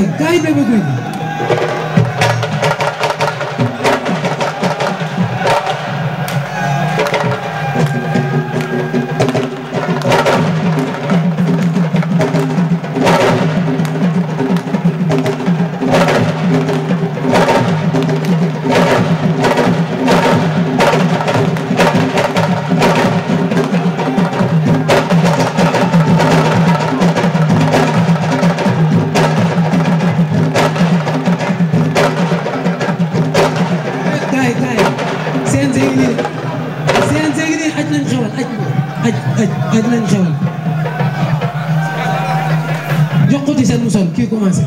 Hey, guy baby queen. aj aj nañ xewal jox ko ci seen mu sol kii commencé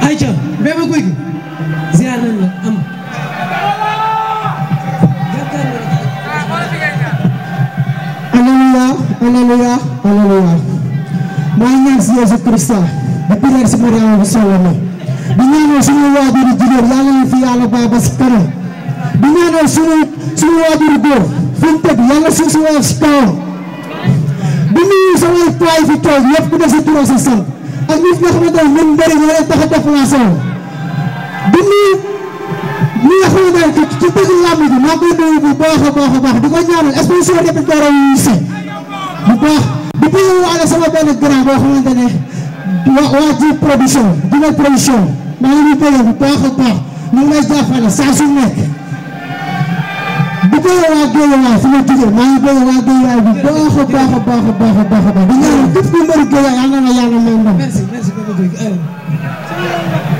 ay ca Bébé Gouy Gui ziar nañ la am alléluia alléluia alléluia mooy ñaan si Yeesu Kirista di prière si Mariama bi solo na di ñaanal suñu waajur yu jigéen yàlla na fi yàlla baax ba si kanam di ñaanal suñu suñu waajur góor fi mu tëdd yàlla suuf si waaj si kawam di nuyu sama waay fi toog ñëpp ku def sa turam sa sant ak ñi nga xamante ne ñun mbëri ñoo leen tax a déplacé di nuyu ñi nga xamante ne ci dëgg làmb ji maa ngi koy nuyu bu baax a baax a baax di ko ñaanal sponsor yëpp dañu ko war a wuyu si bu baax. di ko waale sama benn grand boo xamante ne waa waa ji production dina production maa ngi nuyu bu baax a baax ñu ngi lay jàppale saa su nekk. béyee waa béyee waa sama jigéen maa ngi béyee waa béyee waa bu baax a baax a baax a baax a baax a baax di ñaan képp ku mbëri géej yàlla na la yàlla may ndam.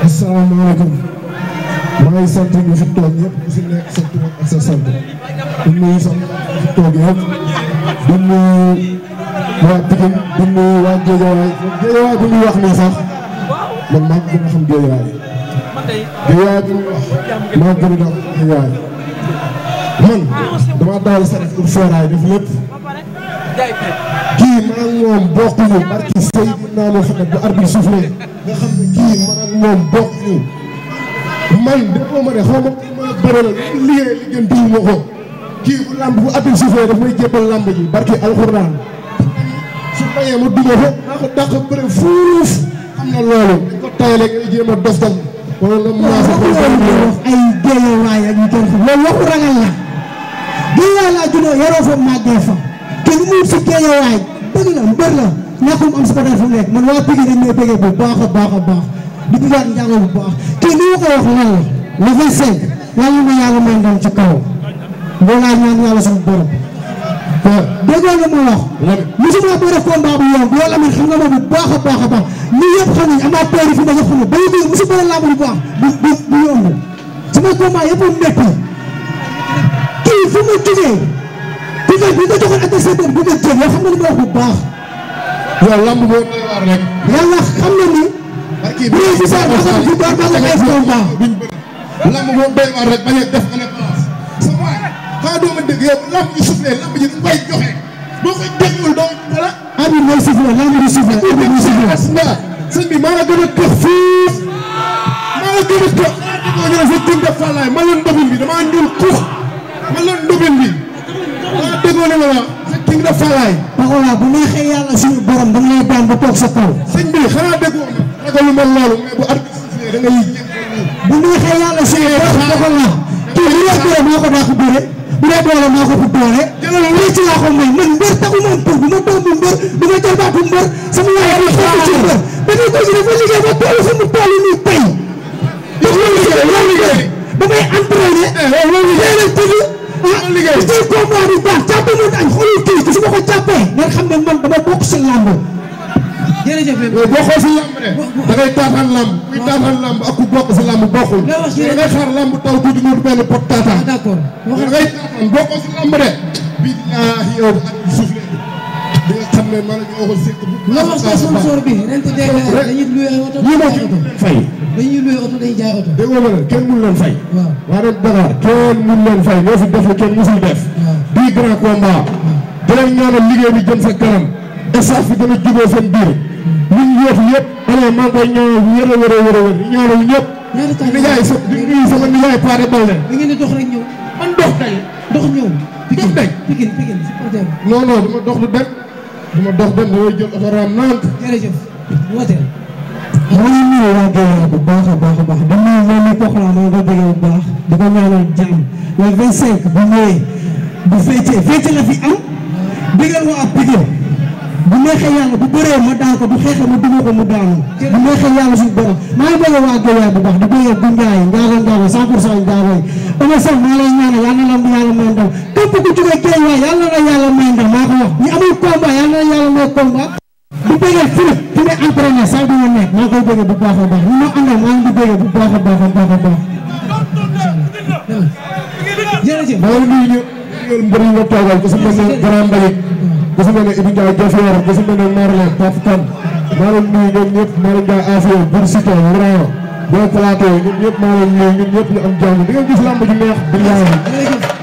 asalaamaaleykum maa ngi sant ñu fi toog ñëpp ñu fi nekk sant ma ak sa sant di nuyu sant fi toog yëpp di nuyu waa Pikine di nuyu waa Géejawaay Géejawaay bu ñuy wax nii sax man maa ngi gën a xam Géejawaay Géejawaay bu ñuy wax maa ngi gën a xam Géejawaay man dama dawal saret pour fooraay def lépp kii man ak moom bokkuñu barki Seydina Muhammad bu arbitre soufflé nga man ak moom bokkuñu man déggoo ma ma bëri la liggéey liggéey ma ko kii bu làmb bu arbitre soufflé daf may jébbal ji barki alxuraan su mayee ma duma ko maa ko dàq bëri fuuf am na loolu dañ ko taalee ngay jéem a dof wala la mu ay déggoo géejawaay laa juddoo yaroo fa màggee fa te lu muy si géejawaay dëgg la mbër la ñàkkum am supporter fu mu nekk man waa Pikine dañ may bëggee bu baax a baax a baax di dugaat bu baax la le na yàlla may xam nga ma bu baax a baax a baax ñu yëpp xam nañ amateur yi fi ma yëpp xam ne ba léegi baax bu bu yomb lii fu ma jógee bi nga bi nga joxoon adversaire bi nga jël yow xam nga li ma wax bu baax. waaw lamb boo doy waar rek. yàlla xam na ni. kii bi ñu sax dafa am lu baax dafa am combat. lamb boo doy waar rek bañ a def en place. sa waay xanaa doo ma dégg yow lamb ji soufflé lamb ji dañ koy joxe boo ko dégluwul doo wala. abi mooy soufflé lamb ji soufflé abi mooy soufflé. sëñ bi maa la gën a toog fuuf maa la gën a toog. maa la gën a toog ñu ne sa tur de Fallaye maa leen ndoxum bi damaa ñuul kuux. man la ndubin bi. waaw déggoo na la waaw. ki nga def faalaay. taxawaa bu neexee yàlla suñu borom dañ lay daan ba toog sa kaw. sëñ bi xanaa déggoo na. ragal lu mel loolu mais bu arbitre da ngay. bu neexee yàlla suñu borom taxawaa. te bu dee doole moo ko dàq bëre. bu dee doole moo ko fu doole. jërëjëf ci laa ko may man mbër taxu ma pour bu ma doomu mbër bu ma jarbaatu mbër sama yaay ma fekk ci mbër. dañuy continuer ba liggéey ba toll fu mu toll nii tey. ba may entraîné. loolu liggéey sama liggéey. tey combat bi baax jàpp nañu ay xoolul kii bi su ma ko jàppee. nga xam ne man dama bokk si làmb. jërëjëf bébé boo xool si làmb de. da ngay taataan làmb. kuy taataan làmb ak ku bokk si làmb bokkul. da ngay xaar làmb taw tuuti mu benn pot taataan. d'accord da ngay taataan boo xool si làmb de. billaahi yow ak suuf bi nga xam ne man ñoo ko séq. loolu bi ren te dee dañuy luwe oto. ñii ma ci fay. dañuy luwe oto day jaay oto. dégg nga ma ne kenn mënu leen fay. waaw waa ren Dakar kenn mënu leen fay ñoo fi def la kenn mësul def. bii grand combat. dinañ ñaanal liggéey bi jëm sa kanam. staff bi gën a jubóo seen biir. li ñu yóotu yëpp. alors maa koy ñaanal wér a wér a wér a wér ñaanal ñëpp. ñaari taal di nuyu da ngeen di dox rek ñëw. man dox tey dox ñëw. pikin dox lu dem. du ma dox dem damay jël oto raam naan. jërëjëf wooteel. maa ngi nuyu waa Guèye bu baax a baax a baax damaa mel ni Poxla maa ngi ko déggee bu baax di ko ñaanal jàmm le 25 bu ñëwee bu feccee fecce la fi am digal waa Pikine. neexee yàlla bu bëree ma daan ko bu xeexee ma duma ko mu daanu bu neexee yàlla suñu borom maa ngi a waa Guèye bu baax di bëgg bu Ndiaye Ndiago Ndiago 100 pour cent yi dama sax maa lay ñaanal yàlla na la yàlla may ndam képp ku jógee Guèye maa ko bu bëggee koy bëggee bu baax a baax ñu ma àndal maa ngi bu baax a baax a baax a baax ko sama ku si mel ne Ibou Ndiaye Diofior ku si mel ne Merlin Pape Kane ñoom ñëpp maa leen jaay Afia Bour Siteu Laurent Boy Plateau ñun ñëpp maa leen nuyu ñun ñu am jàmm di nga gis lamb ju neex bi